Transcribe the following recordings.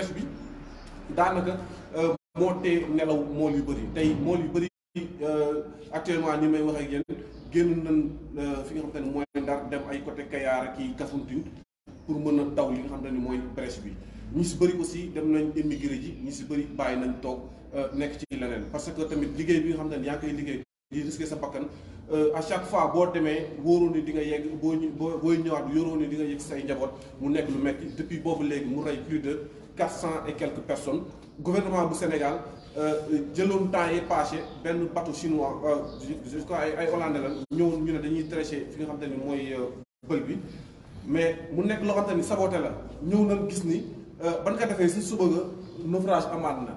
pes bi daanaka euh, moo tee nelaw mool yu bëri tey mool yu bëri euh, actuellement ni may wax ak yéen génn nañ euh, fi nga xam te ne mooy Ndar dem ay côté Kayar ak i Kafountine pour mën a daw li nga xam na ni mooy presse bi ñi si bëri aussi dem nañ immigré ji ñu si bëri bàyyi nañ toog nekk ci leneen parce que tamit liggéey bi nga xam te ne yaa ngi koy liggéey di risqué sa bakkan Euh, à chaque fois bo démé woro ni di nga yegg bo boo ñëwaat yóoroon ni di nga yegg say njaboot mu nekk lu metti depuis bobu légui mu rey plus de 400 et quelques personnes gouvernement du Sénégal euh, jëloon temps yi passé ben bateau chinois euh crois ay ay hollandais lan ñëwoon ñu né dañuy traité fi nga xam tane moy mooy euh, bël bi mais mu nekk loo xam te saboté la ñëw na gis ni ban nga défé si suba nga naufrage amaat na.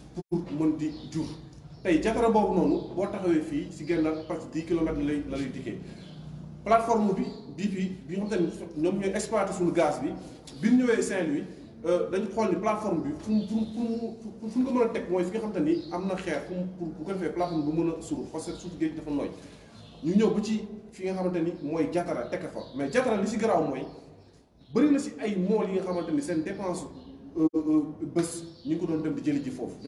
pour mën di jour tay jatara bobu noonu bo taxawé fi ci genn la 10 km lay la lay dikkee plateforme bi bii bi nga xam ne ñoy exploiter exploité suñu gaz bi bi ñu Saint-Louis euh dañu xol ni plateforme bi fu mu fu fu nga mëna tek moy fi nga xam te ni am na fu mu pour bu ko defee plateforme bu mëna suru parce que suuf géej dafa nooy ñu ñëw ba ci fi nga xamante ni mooy jatara teg fa mais jatara li si garaaw mooy bëri na si ay mool yi nga xamante ni seen dépense euh, euh, bés ñu ko doon dem di jëli ji foofu.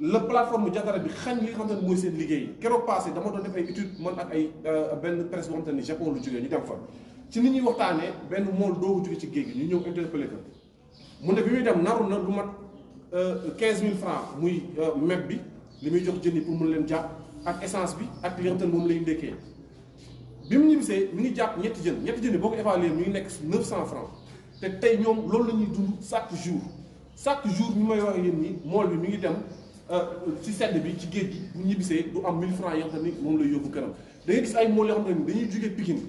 la plateforme jatara bi xañ li nga xam ne mooy seen liggéey passé dama doon def ay étude man ak ay euh, benn presse boo xam japon lu jógee ñu dem fa ci nit ñuy waxtaanee benn mol doogu jóge ci géej gi ñu ñëw interpellé ko mu ne bi muy dem naru na lu mat 15000 euh, francs muy euh, meb bi limuy jox jën pour mun leen jàpp ak essence bi ak li nga xam lay ndéké bi mu ñibbisee mi ngi jàpp ñetti jën ñetti jën yi boo ko évalué mi ngi nek 900 francs té tay ñom loolu lañuy ñuy dund chaque jour chaque jour ñu may wax yéen ni mol bi mi ngi dem euh, ci sedd bi ci géej gi bu ñibisé du am 1000 francs yoo xam ni moom lay yóbbu kanam da ngay gis ay mo yoo xam ne dañuy jugee Pikine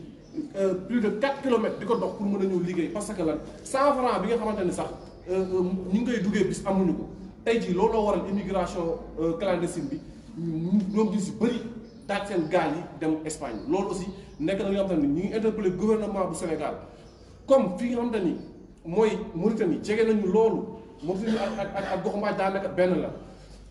euh plus de 4 km diko dox pour mëna a ñëw liggéey parce que lan 100 francs bi nga xamante ne sax euh, euh, ñu ngi koy duggee bis amuñu ko tay ji looloo waral immigration clandestine bi ñom gis si bëri daaj seen gaal yi dem Espagne loolu aussi nek na li nga xam ne ngi interpellé gouvernement bu Sénégal comme fi nga xam ne ni mooy Mauritanie jege nañu loolu Mauritanie ak ak ak gox mbaaj daanaka benn la.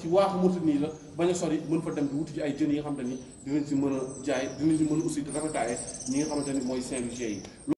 ci waaxu Mauritanie la bañ a sori mën fa dem di wuti ci ay jën yi nga xamante ni dinañ si mën a jaay dinañ si mën a aussi rafetaaye ñi nga xamante ni mooy Saint-Louis yi